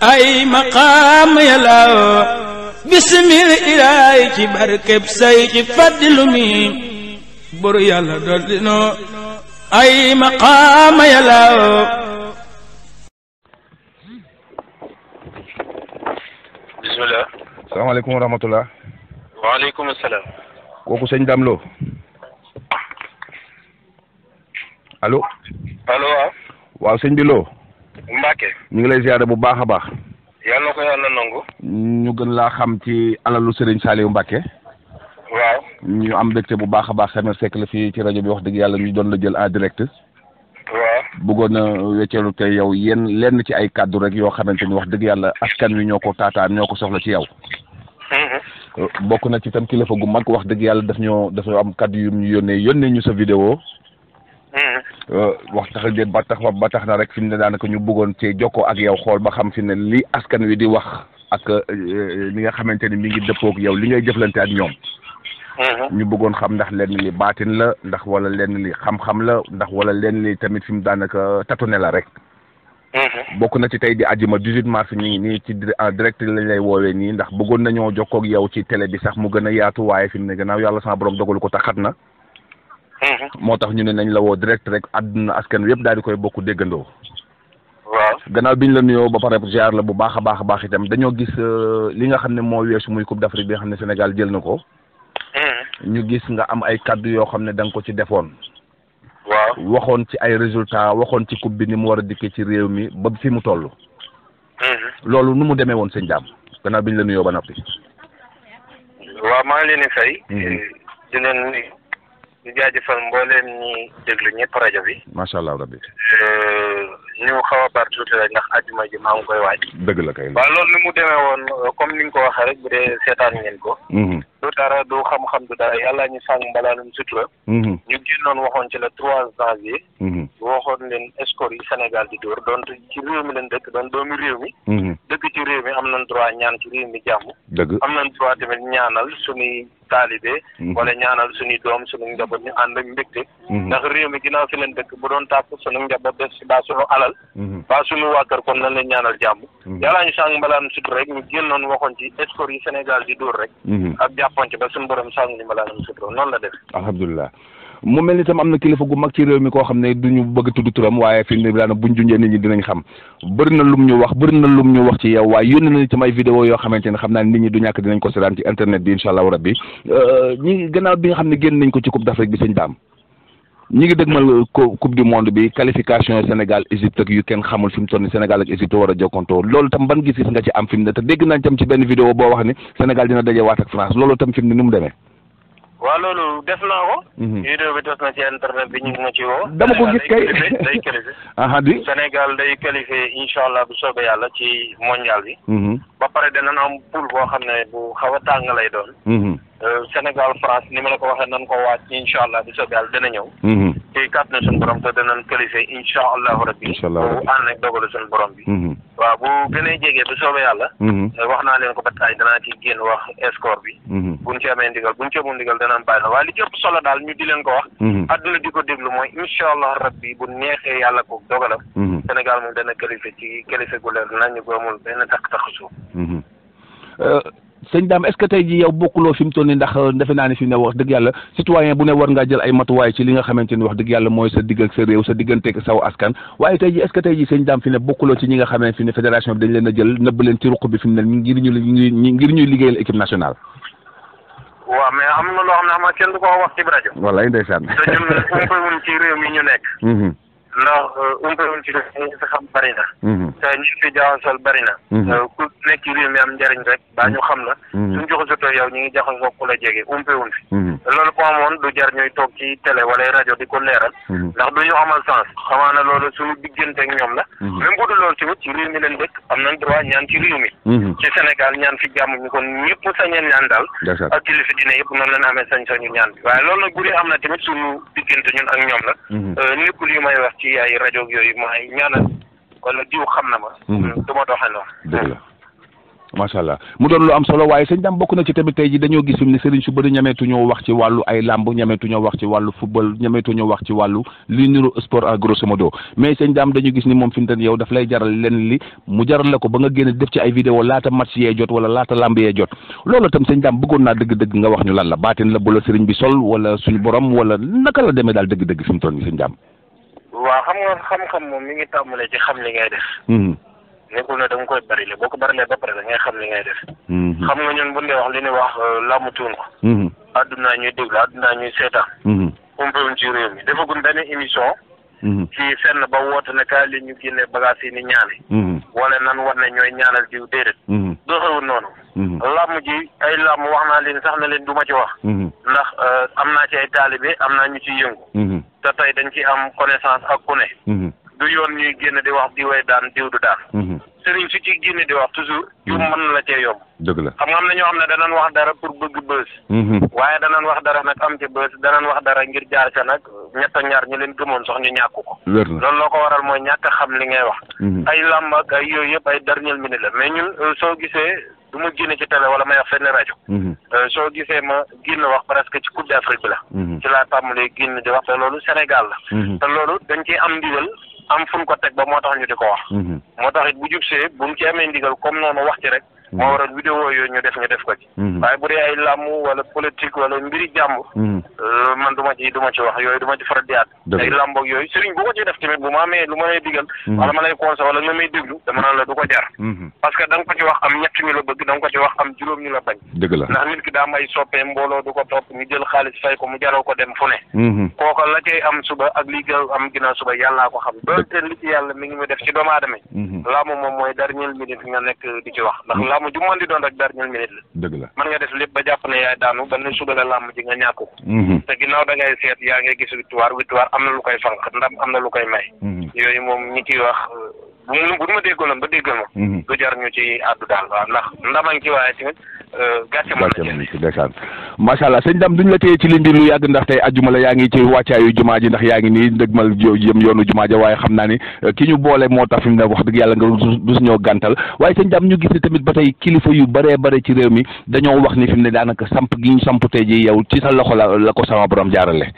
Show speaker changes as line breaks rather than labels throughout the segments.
ay maqaam yàllaaw bisimil ilaay ci barkeb say ci fàddilu mi buru yàlla ay maqaam yàllaaw
bisimilah
salaamaaleykum wa rahmatullah
waaleykum salaam
kooku sëñ Dame Lo allo allo waaw waaw bi Lo Mbacke. ñu ngi lay ziare bu baax a baax.
yàlla na ko nangu.
ñu gën laa xam ci alalu Serigne Saliou Mbacke. waaw. ñu am mbégte bu baax a baax Samuel sekk la fii ci rajo bi wax dëgg yàlla ñu doon la jël en direct. waaw bëggoon na wecceelu tey yow yenn lenn ci ay kàddu rek yoo xamante ni wax dëgg yàlla askan wi ñoo ko taataan ñoo ko soxla ci yow. Mm-hmm. bokk na ci tam kilifa gu mag wax dëgg yàlla daf ñoo dafa am kàddu yu ñu yónnee yónnee ñu sa vidéo. Euh, wax tax de ba tax ba tax na rek fi mu ne daanaka ñu bëggoon cee jokko ak yow xool ba xam fi ne li askan wi di wax ak euh, euh, li nga xamante ni mi ngi dëppook yow li ngay jëflante ak ñoom. Mm-hmm. ñu bëggoon xam ndax lenn li baatin la ndax wala lenn li xam-xam la ndax wala lenn li tamit fi mu daanaka ne la rek.
Mm-hmm. bokk
na ci tey di àjjuma 18 mars ñu ngi nii ci en direct lañ lay woowee nii ndax bëggoon nañoo jokkoo ak yow ci tele bi sax mu gën a yaatu waaye fi mu ne gannaaw yàlla sama borom dogalu ko taxat na. Mhm. moo tax ñu ne nañ la woo direct rek àdduna askan wi yëpp daal di koy bokk déggandoo. waaw gannaaw bi ñu la nuyoo ba pare jaar la bu baax a baax a baax itam dañoo gis euh, li nga xam ne moo weesu muy coupe d'Afrique bi nga xam ne senegal jël na ko. Mhm. ñu gis nga am ay kàddu yoo xam ne danga ko ci defoon. waaw waxoon ci ay résultat waxoon ci coupe bi ni mu war a dikkee ci réew mi ba fi mu toll. Mhm. loolu nu mu demee woon sëñ Dame gannaaw bi ñu la nuyoo ba noppi.
waaw maa di jaajëfal mbooleem ñi déglu ñëpp rajo bi.
macha allah rabbi.
Euh, ñu xaw a baar tuuti rek ndax ajuma ji maa ngi koy waaj.
dëgg la kay.
waaw
loolu ni mu demee woon euh, comme ni nga ko waxee rek bu dee seetaan ngeen ko. Mhm. du dara du xam-xam du dara yàlla ñu sàng mbalaanum mhm. sutura ñu génnoon waxoon ci le trois yi mhm. waxoon leen score yi Sénégal di dóor doon ci réew mi leen dëkk doon doomi réew mi mhm. dëkk ci réew mi am nañ droit ñaan ci réew mi jàmm dëgg am nañ droit tamit ñaanal suñuy taalibe wala ñaanal suñuy doom suñu njaboot ñu ànd ak mbégte ndax réew mi ginnaaw fi leen dëkk bu doon tàpp suñu njaboot def si baa suñu alal baa suñu waa kër kon nañ leen ñaanal jàmm yàlla ñu sàng mbalaanum sutura rek ñu génnoon waxoon ci score yi Sénégal di dóor rek jàppoon ci ba suñu borom sàmm ni ma laa sutura noonu la def.
alhamdulilah mu mel ni tam am na kilifa gu mag ci réew mi koo xam ne du ñu bëgg tudd turam waaye fii mu ne daanaka buñ junjee nit ñi dinañ xam bëri na lum ñu wax bëri na lum ñu wax ci yow waaye yónnee nañu tam ay vidéo yoo xamante ne xam naa nit ñi du ñàkk dinañ ko seetaan ci internet bi incha allahu rabbi euh, ñi gannaaw bi nga xam ne génn nañ ko ci Coupe d'Afrique bi sëñ daam ñi ngi dëgmal euh, coupe du monde bi qualification Sénégal Égypte ak yu kenn xamul fi mu toll nii Sénégal ak war a jokkontoo loolu tam ban gis-gis nga ci am fi mu te dégg nañ tam ci benn vidéo boo wax ni Sénégal dina daje waat ak France loolu tam fi mu ne ni mu demee.
waaw loolu def naa ko. Mhm. na ci internet bi ñu woo. dama ko gis kay day di Sénégal day qualifié incha allah bu soobee yàlla ci mondial bi. Mhm. ba pare danañ am poule boo xam ne bu xaw a tàng lay doon. Mhm. Euh, Sénégal France ni ma la ko waxee nan ko waaj incha allah bi soobee yàlla dana ñëw. te kat na suñu borom te danañ qualifié incha rabbi.
incha rabbi bu
ànd ak dogalu suñu borom bi. Mm-hmm. waaw bu gënee jege bu soobee yàlla.
Mm-hmm. Euh, wax
naa leen ko ba taay danaa ci génn wax score bi. Mm-hmm. buñ ci amee ndigal buñ ci amul ndigal danañ bàyyi la waaye li ci ëpp solo daal ñu di leen ko wax. àdduna di ko déglu mooy incha allah rabbi bu neexee yàlla ko dogalam. Sénégal moom dana qualifié ci qualifié gu leer nañu ko amul benn takk takk suuf.
Euh, sëñ daam est ce que tey ji yow bokkuloo fi mu toll nii ndax euh, defe naa ni fi mu ne wax dëgg yàlla citoyen bu ne war ngaa jël ay matuwaay ci li nga xamante ni wax dëgg yàlla mooy sa digg sa réew sa diggante saw askan waaye tey ji est tey ji sëñ daam fi ne bokkuloo ci ñi nga xamee fi ne fédération bi dañ leen a jël nëbb leen ci ruq bi fi ne ngir ñu ngir ñuy liggéeyal équipe nationale
waaw mais am na loo xam ne xam nga kenn du ko wax ci rajo
wallaay ndeysaan
ndax umpalul euh, ci li fi xam bari na. Mhm. te ñu ngi fi jaxasoo bari na. Mhm. Euh, ku nekk réew mi am njariñ rek baa ñu xam la. Mhm. suñ joxasatoo yow ñu ngi jaxasoo ku la jege umpewuñ fi. loolu ko amoon du jar ñuy toog ci télé wala rajo di ko leeral. ndax du ñu amal sens xamaa na loolu suñu diggante ak ñoom la. même bu dul loolu tamit ci réew mi leen dëkk am nañ droit ñaan ci réew mi. ci Sénégal ñaan fi jàmm ñu kon ñëpp sañeen ñaan daal. ak kilifa dina yëpp noonu la ñu amee sañ-sañu ñaan bi waaye ci ay rajo yooyu maay ñaanal wala jiw xam na ma. Mm-hmm. Mm, du ma doxee noonu.
dëgg la
macha allah mu doon lu am solo waaye sëñ Dame bokk na ci tamit tey ji dañoo gis ni sëriñ su bëri ñameetu ñoo wax ci wàllu ay làmb ñameetu ñoo wax ci wàllu football ñameetu ñoo wax ci wàllu li niru sport à grosso modo mais sëñ Dame dañu gis ni moom fi mu toll yow daf lay jaral leen li mu jaral la ko ba nga génn def ci ay vidéo laata match yee jot wala laata làmb yee jot loolu tam sëñ Dame bëggoon naa dëgg-dëgg nga wax ñu lan la baatin la bu la sëriñ bi sol wala suñu borom wala naka la demee daal dëgg-dëgg fi mu toll nii sëñ Dame
waaw xam nga xam-xam moom mi ngi tàmbalee ci xam li ngay def. Mm-hmm. nekkul ne da nga bari barile boo ko barilee ba pare da xam li ngay def.
Mm-hmm. xam nga
ñun bu ñu wax li ñuy wax euh, làmmatuun ko. Mm-hmm. àdduna ñuy déglu àdduna ñuy seetaan. umpewuñ ci réew mi defaguñ benn émission. ci fenn ba woote ne kaay li ñu génne bagages yi ni ñaani. wala nan war ne ñooy ñaanal jiw déedéet. doxewul noonu. làmm ji ay làmm wax naa leen sax na leen du ma ci wax.
ndax
euh, am naa ci ay taalibe am naa ñu ciy te tey dañ ci am connaissance ak ku ne mhm. du yoon ñuy génn di wax di way daan diw daan mhm. sëriñ su ci génn di wax toujours jum mhm. mën la cee yomb dëgg la xam nga am na ñoo xam ne danañ wax dara pour bëgg bës waaye danañ wax dara nag am ci bës danañ wax dara ngir jaar ca nag ñett ñaar ñi leen gëmoon sax ñu ñàkku ko loolu loo ko waral mooy ñàkk xam li ngay wax ay làmb ak ay yooyu yëpp ay dernière minute la mais ñun euh, soo gisee du ma génn ci télé wala may wax fenn rajo. Mhm. Euh, soo gisee ma génn wax presque ci coupe d'Afrique bi la. Mhm. ci laa tàmbalee génn di wax te loolu Sénégal la. Mhm. te loolu dañ ciy am ndigal am fu ko teg ba moo tax ñu di ko wax. moo tax it bu jubsee bu mu ci amee ndigal comme noonu wax ci rek. Mm-hmm. moo waral vidéo yooyu ñu def ñu def ko ci. Mm-hmm. waaye bu dee ay làmm wala politique wala mbiri jàmm. Mm-hmm. Euh, man du ma ci du ma ci wax yooyu du ma ci faral di àgg. yooyu sëriñ bu ko ci def tamit bu ma amee lu ma lay digal. wala ma lay conseil wala nga may déglu dama naan la du ko jar. parce que da ko ci wax am ñett ñu la bëgg da nga ko ci wax am juróom ñu la bañ.
dëgg la ndax nit
ki daa may soppee mbooloo du ko topp ñu mu jaroo ko dem fu ne. kooka la li nga am ginnaaw suba yàllaa ko yàlla mi ngi mu def ci doomu aadama Mhm. laamu moom mooy dernière minute nga nekk di ci wax ndax mhm. laamu ju mën di doon rek dernière minute la dëgg la mën nga def lépp ba jàpp ne yaay daanu ba ne suba la laamu ji nga ñàkk ko mhm. te ginnaaw da ngay seet yaa ngay gis victoire victoire am na lu koy fanq ndam am na lu koy may yooyu moom ñi ciy wax bu mu bu ma déggoonoon ba déggal ma du jar ñu ci àddu daal waaw ndax ndamaa ngi ci waaye tamit euh, gàcce mën
na ci ndeysaan
macha allah sëñ Dame duñ la téye ci ligne bi lu yàgg ndax tey ajjuma la yaa ngi ci wàccaayu jumaa ji ndax yaa ngi ni nii dëgmal jëm yoonu jumaa ja waaye xam naa ni euh, ki ñu boole moo tax fi mu ne wax dëgg yàlla nga dus ñoo gantal waaye sëñ Dame ñu gis ni tamit ba tey kilifa yu bëree bëri ci réew mi dañoo wax ni fi ne daanaka samp gi ñu samp tey ji yow ci sa loxo la la ko sama borom jaarale.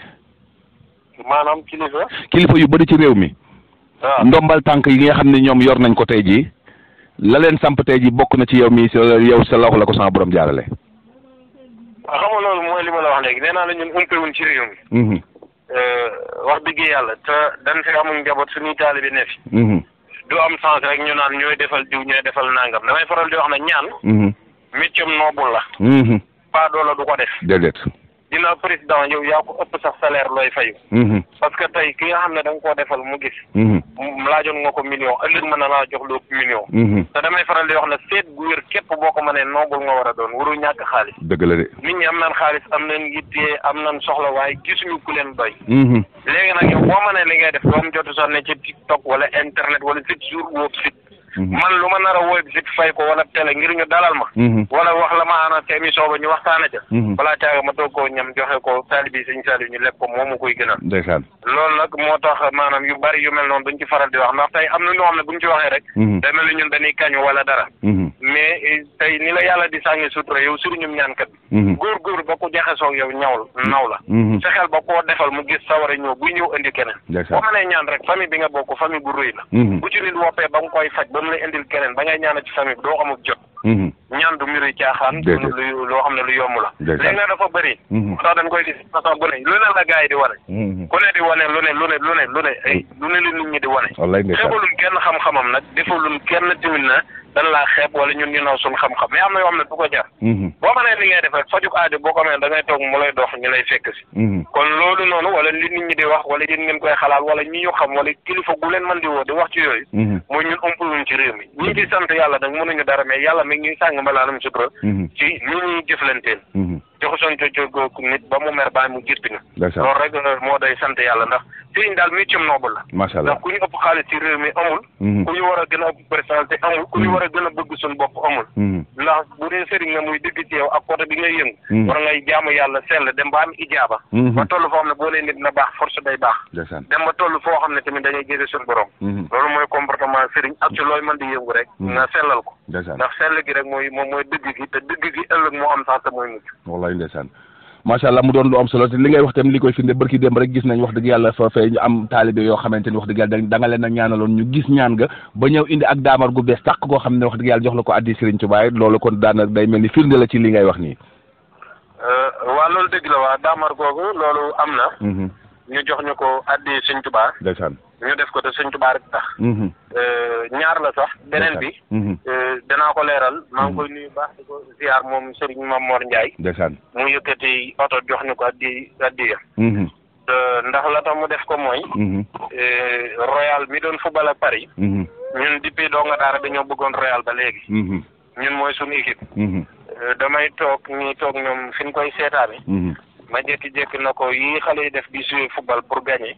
maanaam kilifa.
yu bëri ci réew mi. Ah. ndombal tànk yi nga xam ne ñoom yor nañ ko tey jii la leen samp tey ji bokk na ci yow mi yow sa loxo la ko sama boroom jaarale
waaw xam nga loolu mooy li ma la wax léegi nee naa la ñun umpewuñ ci réew mi. Mhm. Euh, wax dëgg yàlla te dañ fi amul njaboot suñuy taalibe ne fi. Mhm. du am sens rek ñu naan ñooy defal diw ñooy defal nangam damay faral di wax na ñaan. Mhm. métier am noble la. pas doola du ko def. déedéet. dina président yow yaa ko ëpp sax salaire looy fayu mhm. parce que tey ki nga xam ne da nga koo defal mu gis mhm. laajoon nga ko million ëllëg mën a laa jox lu ëpp million mhm. te damay faral di wax ne seet gu wér képp boo noobul nga war a doon waru ñàkk xaalis
dëgg la de nit
ñi am nan xaalis am nan yitte am nan soxla waaye gisuñu ku leen doy léegi nag yow boo mënee li def doom jotu sax ci TikTok wala internet wala site jour woob site
Mhm. man lu ma
nara a woy bi fay ko wala télé ngir ñu dalal ma
mhm. wala wax
la ma ana ca émission ba ñu waxtaana ca mhm. balaa caaga ma toog koo ñam joxe ko taalibi sëñ Saliou ñu lekk ko moomu koy gënal ndeysaan loolu nag moo tax maanaam yu bari yu mel noonu duñ ci faral di wax ndax tey am na ñoo xam ne ñu ci waxee rek day mel ni ñun dañuy kañu wala dara mais eh, tey ni la yàlla di sànni sutura yow sëriñum ñaankat bi mhm. góor-góor ba ko jaxasoog yow ñawul naw la
fexeel
mhm. ba koo defal mu gis sawara ñëw buy ñëw indi keneen boo mënee ñaan rek famille bi a bokk famille bu rëy la mhm. bu ci nit woppee ba nga koy faj ba mu lay indil keneen ba ngay ñaana ci famille bi jot
ñaan
du mbiru caaxaan lu loo xam ne lu yomb la léegi nag dafa bëri sax dañ koy gis façon bu ne lu ne la gars yi
di
wane lu dana laa xeeb wala ñun ñu naw suñ xam-xam mais am na yoo xam ne du ko jar mhm. boo mënee li ngay def rek fajuk aajo boo ko mënee da ngay toog mu lay dox ñu lay fekk si mhm. kon loolu noonu wala nit ñi di wax wala yéen ngeen koy xalaat wala ñi ñu xam wala kilifa gu leen mën di woo di wax ci yooyu mhm. mooy ñun ëmpaluñ ci réew mi ñi ngi sant yàlla nag mënuñu dara mais yàlla mi ngi sàng mbalaanam sutura ci ñi ñuy jëflanteel joxosoon cocogooku nit ba mu mer baa mu jirti nga loolu rek moo day sant yàlla ndax sëriñ daal métier noble la
mhm.
a a
ëpp personnalité amul ku ñu mhm. war a gën a bëgg suñu bopp amul mhm. ndax bu dee sëriñ nga muy dëgg ci yow ak dem ba toll foo xam ne boo leen nit na borom mooy comportement sëriñ ak ci di yëngu rek nga sellal ko ndax sell gi rek mooy moom mooy dëgg gi te dëgg gi ëllëg moo am sax te mooy mucc
wallaay
ndeysaan macha allah mu doon lu am solo te li ngay wax tamit li koy firnde barki démb rek gis nañ wax dëgg yàlla fa fee am taalibe yoo xamante ni wax dëgg yàlla da nga leen a ñaanaloon ñu gis ñaan nga ba ñëw indi ak daamar gu bees tàq koo xam ne wax dëgg yàlla jox la ko addi Sëriñ Tuubaa loolu kon daana day mel ni firnde la ci li ngay wax nii
euh, waa loolu dëgg la am na mhm. ñu jox ñu ko addi Sëriñ Tuubaa ndeysaan ñu def ko te sëñ Tuubaa rek tax. Mhm. Euh, ñaar la sax beneen bi. Mhm. Euh, danaa ko leeral. maa ngi mhm. koy nuyu baax di ko ziar moom Serigne Mamor Ndiaye. ndeysaan mu yëkkati oto jox ñu ko addi addiya. ndax la tax mu def ko mooy. Euh, Royal mi doon football ak Paris.
ñun
depuis doo nga daara dañoo bëggoon Royal ba léegi.
ñun
mooy suñu équipe. damay toog ñuy toog ñoom fi ñu koy seetaane. ma jékki-jékki na ko yii xale def di jouer football pour gagner.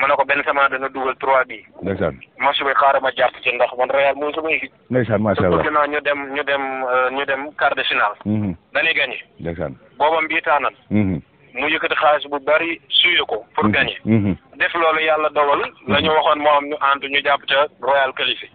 mu ne ko benn semence da nga dugal trois bi. ndeysaan match bi xaaral ma jàpp ci ndax man Real mooy sama équipe.
ndeysaan macha allah te
ñu dem ñu dem euh, ñu dem quart de finale. Mhm. dañuy gagné. ndeysaan boobam bii taanan. Mhm. mu yëkkati xaalis bu bari suyee ko pour mhm.
gagné.
def loolu yàlla dogal hmm. la ñu waxoon moo am ñu ànd ñu jàpp Royal Kalifi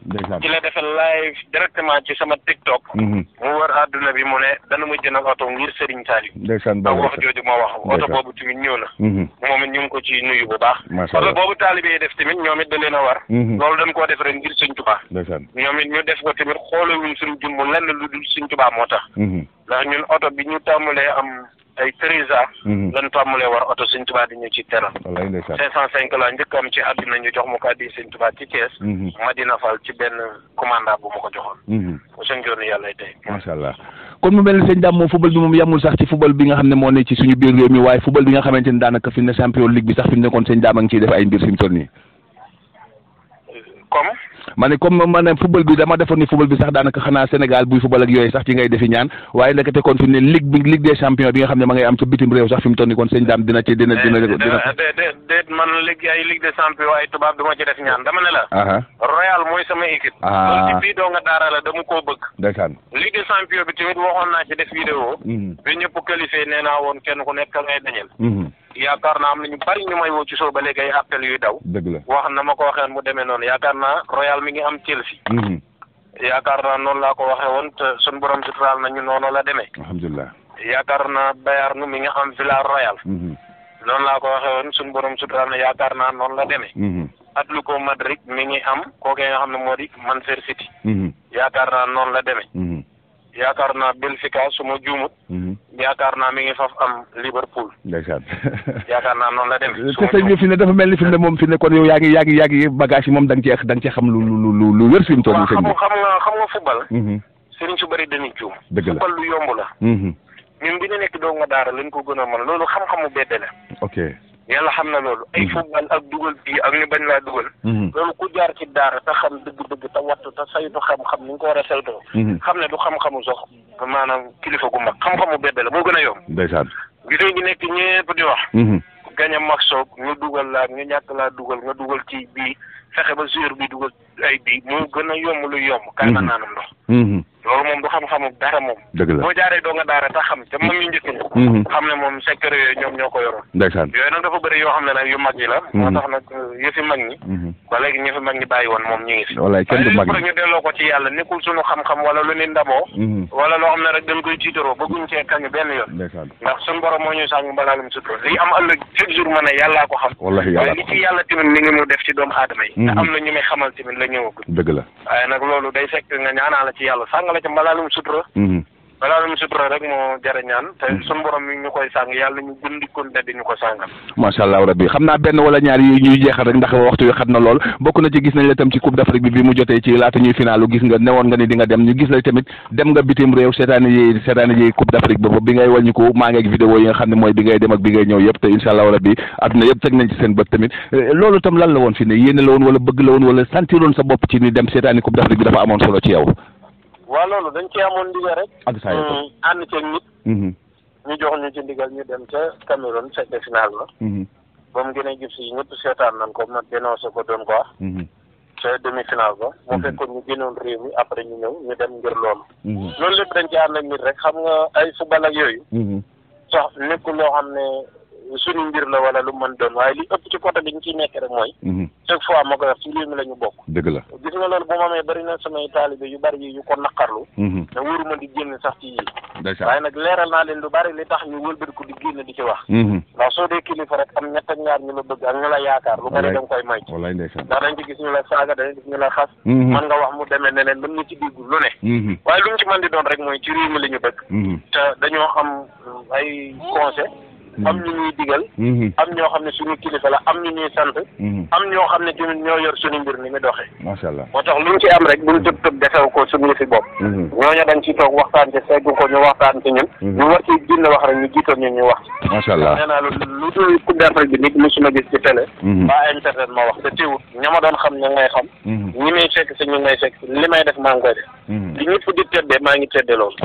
ci la defee live directement ci sama TikTok. Hmm. mu wër àdduna bi mu ne dana ma jëndal oto ngir Serigne Saliou.
ndeysaan ba wax jooju
moo wax oto boobu tamit ñëw na. Hmm. moom ñu ko ci nuyu bu baax. macha allah oto boobu taalibe yi def tamit ñoom it da leen a war. loolu dañ koo def ren ngir Serigne Touba. ndeysaan ñu def ko tamit xoolewuñ suñu jumbu lenn lu dul Serigne Touba moo tax.
ndax
ñun oto bi ñu tàmbalee am. ay treize ans mhm. lan tàmmulee war oto Sëñ Tuubaa di ñu ci teral
cinq cent
cinq la njëkk am ci àdduna ñu jox ma ko addi Sëñ Tuubaa ci Thiès mhm. Madina Fall ci benn commanda bu ma ko joxoon mhm. mu seen joonu yàlla tey
macha allah
kon mu mel ne sëñ moom football bi moom yamul sax ci football bi nga xam ne moo ne ci suñu biir réew mi waaye football bi nga xamante ne daanaka fi mu ne champion ligue bi sax fi mu nekkoon sëñ Dame a ngi def ay mbir fi mu toll ma ne comme ma ne football bi dama defoon ni football bi sax daanaka xanaa Sénégal buy football ak yooyu sax ci ngay defi ñaan waaye ndekete kon fi mu ne ligue bi ligue des champions bi nga xam ne ma ngay am ca bitim réew sax fi mu toll kon sëñ daam dina ci dina eh, dina eh, déet
eh, déet man ligue ay ligue des champions ay tubaab duma ci def ñaan dama ne la Royal mooy sama équipe loolu ci bii doo nga daara la dama koo bëgg ndeysaan ligue des champions bi tamit yaakaar naa am na ñu bari ñu may woo ci soo ba léegi ay appel yuy daw. dëgg la wax na ma ko waxee mu demee noonu yaakaar naa Royal mi ngi am Chelsea. Mhm. yaakaar naa noonu laa ko waxee woon te sunu borom suturaal nañu noonu la demee. alhamdulilah yaakaar naa Bayern mi ngi am Villarreal. Mhm. noonu laa ko waxee woon sunu borom suturaal na yaakaar naa noonu la demee. ko mhm. Madrid mi ngi am kooku nga xam ne moo di Manchester City. yaakaar naa noonu la demee. yaakaar naa Benfica su ma juumut. Mhm. yaakaar naa mi ngi faf am Liverpool. ndeysaan. yaakaar naa noonu la demee. su ma juumut
te dafa mel ni fi moom fi ne kon yow yaa ngi yaa ngi yaa ngi bagage yi moom da nga cee da nga cee xam lu lu lu lu wér fi mhm.
su bëri dañuy juum. la football lu yomb la. Mhm. ñun bi ñu nekk doo nga daara lañ ko gën a mën loolu xam-xamu bedde la. ok. yàlla xam na loolu. ay mhm. football ak dugal bii ak ñu bañ laa dugal. Mhm. loolu ku jaar ci daara te xam dëgg-dëgg te wattu te saytu xam-xam ni nga ko war a saytoo. Mhm. xam ne du xam-xamu sox maanaam kilifa gu mag xam mu bébé la moo gën a yomb. ndeysaan gisoo ñu nekk ñëpp di wax. dugal laa ñu ñàkk laa dugal nga dugal ci bii fexe ba joueur bi dugal ay bii moo gën a yomb lu yomb. kaay ma naanam ndox. loolu moom du xam-xamu dara moom. dëgg la boo jaaree doo nga daara sax xam te mag ñu njëkk ñi. Mm-hmm. xam ne moom secteur yooyu ñoom ñoo ko yoroon. ndeysaan yooyu nag dafa bëri yoo la. moo mm-hmm. tax mm-hmm. ba léegi woon moom ñu ngi fi.
wallaay kenn du mag ñi ñu
delloo ko ci yàlla nekkul suñu xam-xam wala lu ni ndamoo. koy tiitaroo bëgguñ cee kañ moo ñuy sàng mbalaalum sutura li am ko xam. wallahi yàlla li ci yàlla tamit ni ngi mu def ci doomu aadama la ñëwagul. la waaye nag loolu day fekk nga ñaanaa la ci yàlla sàngal boole ci malaanum sutura mhm. malaanum sutura rek moo jara ñaan te mhm. suñu borom ñu koy sàng yàlla ñu gundikon te di ñu ko sàngal
macha allah rabbi xam naa benn wala ñaar yi ñuy jeexal rek ndax waxtu wi xat na lool bokk la tam ci coupe d'Afrique bi bi mu jotee nga nga ni di nga dem ñu la tamit dem nga bitim réew seetaani yi seetaani yi coupe d'Afrique ba bi ngay wàññiku maa ngi ak yi nga xam ne mooy bi ngay dem ak bi ngay ñëw yëpp te incha allah rabbi adduna yëpp teg nañ ci seen bët tamit eh, loolu tam lan la woon fi ne yéene la woon wala bëgg la woon wala sentiroon sa bopp ci ni dem seetaani yow
waaw loolu dañ ci amoon ndigal rek. ak saa yoo hmm, mm-hmm. ñu jox ñu ci ndigal ñu dem ca Cameroun seet final la. Mm-hmm. ba mu gën a gis si ñëpp seetaan nañ ko ma dénoncé ko doon ko wax. Mm-hmm. ca demi final ba. mu fekkoon ñu génnoon réew mi après ñu ñëw ñu dem ngir loolu. loolu lépp dañ ci ànd ak nit rek xam nga ay football ak yooyu. sax nekkul loo xam ne. suñu mbir la wala lu mën doon waaye li ëpp ci côté bi ñu ciy nekk rek mooy.
Mhm. chaque
fois ma koy wax ci réew mi la ñu bokk.
dëgg la gis
nga loolu bu ma amee bari na samay taalibe yu bari yu ko naqarlu. te mhm. wóoruma di génn sax ci yii. waaye nag leeral naa leen lu bari li tax ñu wëlbatiku di mhm. am ñett ak ci réew mi la ñu te dañoo am ay conseil am ñu ñuy digal mhm. am ñoo xam ne suñu kilifa la am ñu ñuy sant mhm. am ñoo xam ne tamit ñoo yor suñu mbir ni mu doxee
macha allah moo tax
luñ ci am rek buñ tëb tëb defew ko suñu yëfi bopp
mhm. ñooñu
dañ ci toog waxtaan ci segg ko ñu waxtaan ci ñun ñu war ci génn wax rek ñu jiitoon ñun ñu wax
ci macha allah maa
ngi koy loolu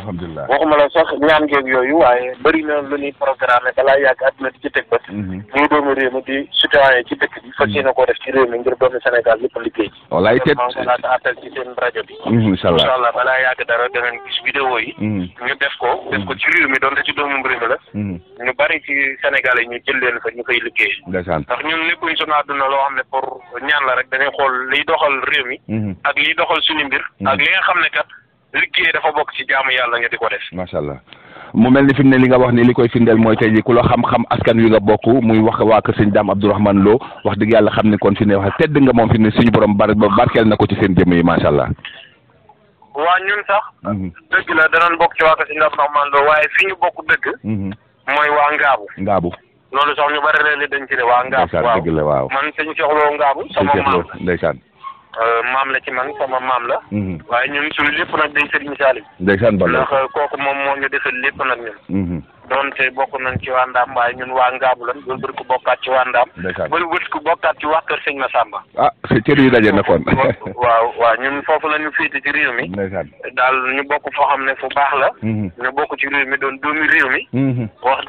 waxuma la sax ñaan geeg yooyu waaye bëri na lu ñuy programme balaa yàgg àdduna di ci teg bët ñuy mhm. doomu réew mi di citoyen ci dëkk bi fas yéene koo def ci réew mi ngir doomu Sénégal lépp liggéey ci wallaay te laata appel ci seen rajo bi
mhm, incha allah
balaa yàgg dara danañ gis vidéo yi mhm. ñu def ko def ko ci réew mi doonte ci doomu réew mi
la
ñu bari ci Sénégal yi ñu jël leen fa ñu koy liggéey ndeysaan ndax ne pour ñaan la rek dañuy doxal réew mi ak liy doxal suñu mbir ak li xam ne kat liggéey dafa bokk ci jaamu
mu mel ni fi ne li nga wax ni li koy firndeel mooy tey ji ku la xam-xam askan wi nga bokk muy wax waa kër sëñ Dame Abdourahmane loo wax dëgg yàlla xam ni kon fi ne wax tedd nga moom fi ne suñu borom bar barkeel na ko ci seen jëm yi macha allah.
waa ñun sax. Mhm. dëgg la danañ bokk ci waa kër sëñ Dame Abdourahmane Lo waaye fi ñu bokk dëgg. Mhm. mooy waa Ngaabu. Ngaabu. loolu sax ñu bari na li dañ ci ne waa. Ngaabu waaw dëgg la waaw man sëñ Cheikh Lo Ngaabu. sama maam ndeysaan Euh, maam la ci man mm-hmm. sama maam la. Mm-hmm. waaye ñun suñu lépp nag day Serigne Saliou.
ndeysaan
ba ndax euh,
kooku moom moo ñu defal lépp nag ñun. Mm-hmm. doonte bokk nañ ci waa Ndaam waaye ñun waa Ngaabu lan wëlbati ko bokkaat ci waa Ndaam. ndeysaan wëlbati ko bokkaat ci waa Kër Sëñ Massamba.
ah cër yi daje na kon.
waaw waaw ñun foofu la ñu féete ci réew mi. ndeysaan daal ñu bokk foo xam ne fu la. ñu bokk ci réew mi doon doomi réew mi. wax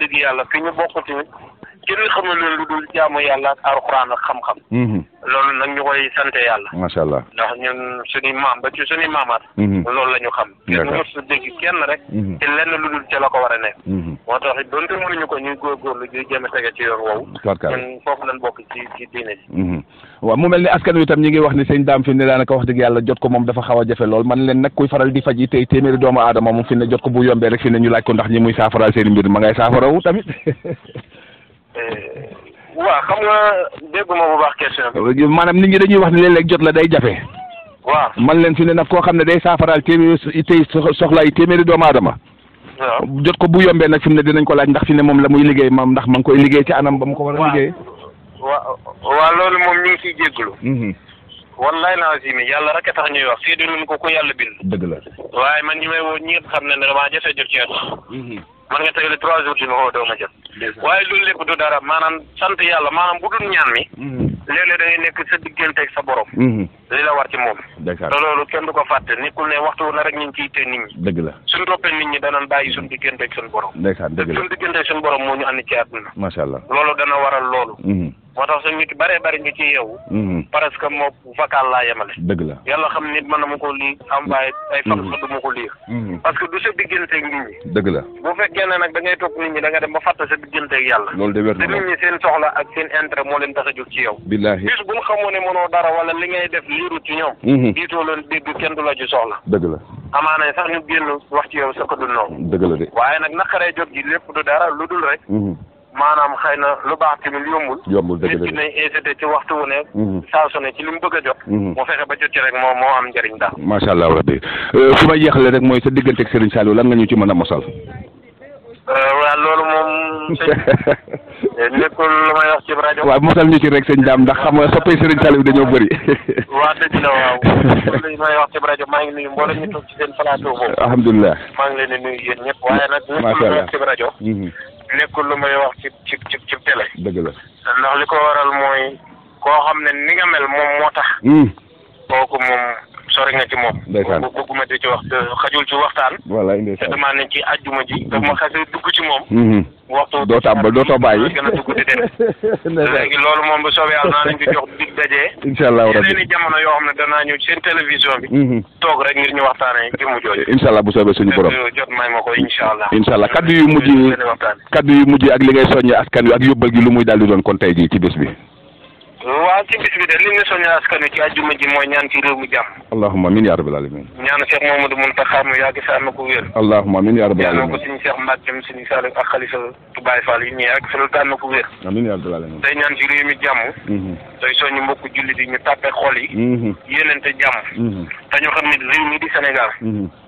kenn xamul leen lu dul jaamu yàlla ak alxuraan ak xam-xam. Mhm. loolu nag ñu koy sant yàlla.
macha allah ndax
ñun suñu maam ba ci suñu maamaat. Mhm. loolu la ñu xam. kenn mës a dégg kenn rek. Mhm. te lenn lu dul ca la ko war a nekk. moo tax donte mënuñu ko ñuy góorgóorlu di jéem a tege ci yoon woowu. ñun foofu lañ bokk ci ci diine
ji.
mu mel ni askan wi tam ngi wax ni sëñ daam fi ne daanaka wax dëgg yàlla jot ko moom dafa xaw a jafe lool man leen nag kuy faral di faj yi tey téeméeri doomu
Eh, waa xam nga dégguma bu baax question
bi. Euh, maanaam nit ñi dañuy wax ni leen léeg jot la day jafe. waaw man leen fi ne nag koo xam ne day saafaraal téeméeri tey soxla yi téeméeri doomu aadama. waaw jot ko bu yombee nag fi ne dinañ ko laaj ndax fi ne moom la muy liggéey maam ndax ma ngi koy liggéey ci anam ba mu ko war a liggéey.
waaw waaw loolu moom ñu ngi ciy jégalu. Mm-hmm. wallaay naa si yàlla rek a tax ñuy wax fii du ko ko yàlla bind. dëgg la waaye man ñi may woo ñëpp xam ne damaa jafe jot ci man nga tegale trois jours yi ma xaw doo jot waaye loolu lépp du dara maanaam sant yàlla maanaam bu dul ñaan mi mhm. léeg-léeg da ngay nekk sa digganteeg sa borom mhm. li la war ci moom
te loolu
kenn du ko fàtte nekkul ne waxtu wu na rek ñu ngi ciy tee nit ñi
dëgg la
suñ
toppee nit ñi danañ bàyyi suñ digganteeg suñ borom
ndeysaan dëgg
la suñ
digganteeg suñ borom moo ñu andi ci àdduna
macha allah loolu
dana waral loolu mhm. moo tax suñu nit bëree bëri ñu ci yeewu. Mm-hmm. parce que moom vocal laa yemale. dëgg la yàlla xam nit mën na ma ko lii envoyé ay fan mm-hmm. sax du ma ko liir.
Mm-hmm.
parce que
du sa digganteeg nit ñi. dëgg la bu fekkee ne nag da ngay toog nit ñi da nga dem ba fàtte sa digganteeg yàlla.
loolu de wér na
seen soxla ak seen intérêt moo leen tax a jóg ci yow. billaahi bis bu ñu xamoo ne mënoo dara wala li ngay def liirut ci ñoom. diitoo leen dégg kenn du la ci soxla. dëgg la. amaana sax ñu wax ci yow sa ko la de waaye nag naqaree jot lépp du dara lu dul rek. maanaam xëy na lu baax tamit yombul.
yombul dëgg
la ci waxtu wu ne. Mhm. saa su ci li mu bëgg a jot. Mhm. mu fexe ba jot ci rek moo moo am njariñ daal.
macha allah rabbi
fi ma jeexalee rek mooy sa digganteeg Serigne Saliou lan nga ñu ci mën a mosal.
Euh, waaw loolu moom sëñ nekkul lu may wax ci rajo. waaw mosal
ñu ci rek sëñ daam ndax xam nga soppee Serigne Saliou dañoo bëri. waa dëgg la waaw
wax ci rajo maa ngi nuyu mbooloo ñu toog maa
ngi
leen di nuyu yéen ñëpp allah nekkul lu may wax ci ci ci ci télé. dëgg la ndax li ko waral mooy koo xam ne ni nga mel moom moo tax. koo hmm. kooku moom. sori nga ci moom. ndeysaan bëgguma di ci wax xajul ci waxtaan.
wallaay
ndeysaan te damaa
ne ci àjjuma da ma xasee dugg ci moom. Mm-hmm. doo
tàmbal doo too bàyyi. gën a dugg
di dem. léegi loolu moom bu soobee yàlla naa leen ko jox dig
dajee. incha allah rabi yeneen i jamono yoo xam ne danaa ñëw seen télévision bi. Mm-hmm. toog rek ngir ñu waxtaanee jëmm jooju. incha allah bu soobee suñu borom
jot may ma ko incha allah. incha allah kaddu yu mujj
kaddu yu ak li ngay soññee askan wi ak yóbbal gi muy daal di doon kon tey jii ci bés bi
waaw ci bis bi de li ñu soññee askan wi ci àjjuma ji mooy ñaan ci réew mi jàmm.
allahumma amiin yaa rabbal alamin.
ñaan Cheikh Mamadou Mountakha mu yàgg sa am ko wér.
allahumma amiin yaa rabbal alamin. ñaanal ko suñu
Cheikh Mbackeem suñu Saliou ak xalifa Baye Fall yi ñu yàgg sa tànn na ko wér.
amiin yaa rabbal alamin.
tey ñaan ci réew mi jàmm. Mm-hmm. tey soññu mbokku jullit yi ñu tàppe xol yi. Mm-hmm. yéenante jàmm. Mm-hmm. te xam ne réew mi di Sénégal.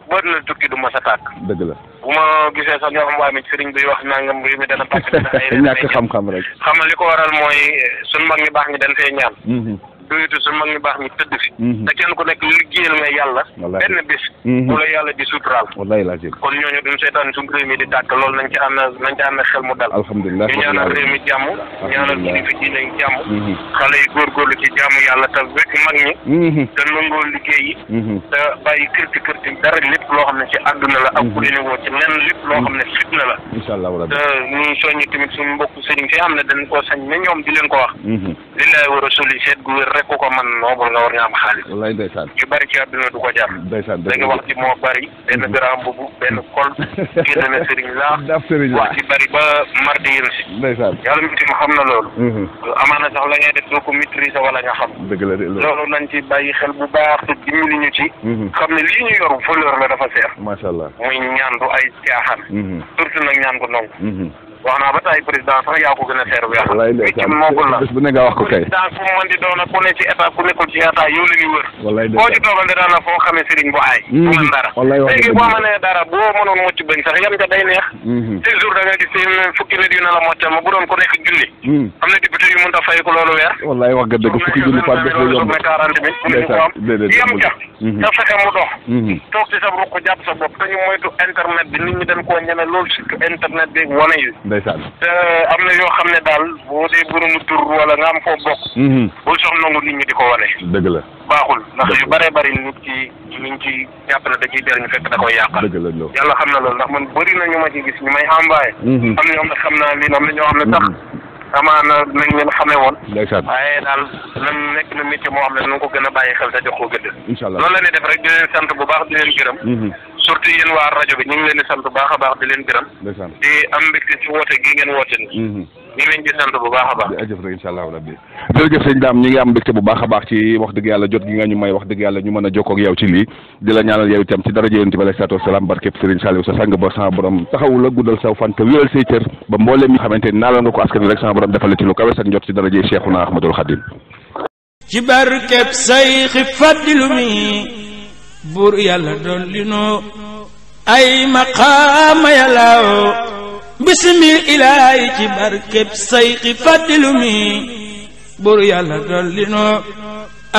bët la tukki du ma sa tàkk. dëgg la bu ma gisee sa ñoo xam waa mi sëriñ bi wax nangam bi mi dana tàkk. dana ñàkk xam-xam rek. xamal li ko waral mooy eh, sunu mag ñi baax ngi dañ fee ñaan. Mm-hmm. dooyatu su mag ñu baax ñu tëdd fi mhm. te kenn ku nekk liggéeyal nga yàlla benn bis mhm. bu la yàlla di suturaal
kon
ñooñu duñ seetaan suñu réew mi di tàkk loolu nañ ci am na nañ ci am na xel mu dal alhamdulilah ñu ñaanal réew mi jàmm ñaanal kilifa ji nañ jàmm mhm. xale yi góorgóorlu ci jàmm yàlla te wekk mag ñi te nangoo liggéey te bàyyi kërti kërti dara lépp loo xam ne ci àdduna la ak ku leen woo ci nen lépp loo xam ne fitna la te ñu soññi a suñu mbokk sëriñ fi xam ne dañ koo sañ na ñoom di leen ko rek ku ko man noobul nga war nga am xaalis wallaay ndeysaan yu bari ci àdduna du ko jar
ndeysaan da nga wax ci moo
bari benn mhm. grand bubu benn kol génn na sëriñ laa
daf sëriñ wax ci bari ba na loolu mhm.
amaana sax nañ ci bàyyi xel bu baax te dimbali ñu ci mhm. xam ne lii ñu yor valeur la dafa seer macha allah muy ñaan du ay caaxaan surtout nag ñaan ko wax naa ba tey président sax yaa ko gën a seer bu yàlla. walaay ndeysaan bés bu
ne nga
wax ko kay. président
fu mu mën di doon ku ne ci état ku nekkul ci état yow wër. walaay ndeysaan koo ci toogal di daanaka foo xamee sëriñ bu hmm.
dara boo
mënee
dara boo mënoon mucc bañ day neex. six hmm. jours da nga gis fukki nit yu ne la moccal ma bu doon ku nekk hmm. am na député yu mënut a fay ko loolu weer. walaay fukki junni par bés lay yomb. yam ca nga fexe mu dox.
toog ci ndeysaan
eh, am na yoo xam ne daal boo dee borom tur wala nga am foo bokk mhm. bul sox nangu nit ñi di ko dëgg la baaxul ndax yu bare bari nit ci niñ ci jàpp ne dañuy der ñu fekk da koy yàqal
dëgg la loolu yàlla
xam na loolu ndax man bëri na ñu ma ci gis ñu may envoyé mhm. am na ñoo xam ne xam am na ñoo xam ne sax mhm. amaana nañ leen xamee woon. ndeysaan waaye daal lan nekk na métier moo xam ne ko gën a bàyyi xel te ko gëdd. incha allah loolu la ñuy def rek di leen sant bu baax di leen gërëm. Mm-hmm. surtout yéen waa rajo bi ñu ngi leen di sant bu baax a baax di leen gërëm. ndeysaan di am mbégte ci woote gi ngeen woote nii. Mm-hmm. ñu ngi bu baax a baax.
rek incha rabbi jërëjëf sëñ daam ñi ngi am mbégte bu baax a ci wax dëgg yàlla jot gi nga ñu may wax dëgg yàlla ñu mën a jokkoo ak yow ci lii di ñaanal yow itam ci daraja yonent bi alayhi salaatu wasalaam barkeb sëriñ sa sang ba sa borom taxawu la guddal saw fan te wéral say cër ba mbooleem mi xamante ni naalal nga ko askan rek sa borom defal ci lu kawe sax njot ci daraja yi Cheikhuna Ahmadul Xadim
ci barkeb say xi fàddilu mi buur yàlla dolli noo ay maqaama yàlla bisimil ilaahi ci barkeb sayxi fàddilu mi bur yàlla dolli noo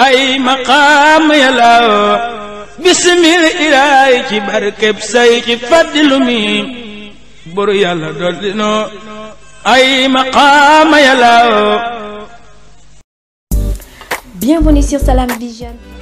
ay maqaam yàllaw bisimil ilaahi ci barkeb sayxi fàddilu mi bur yàlla dolli noo ay maqaam yàllaw
Bienvenue sur Salam Vision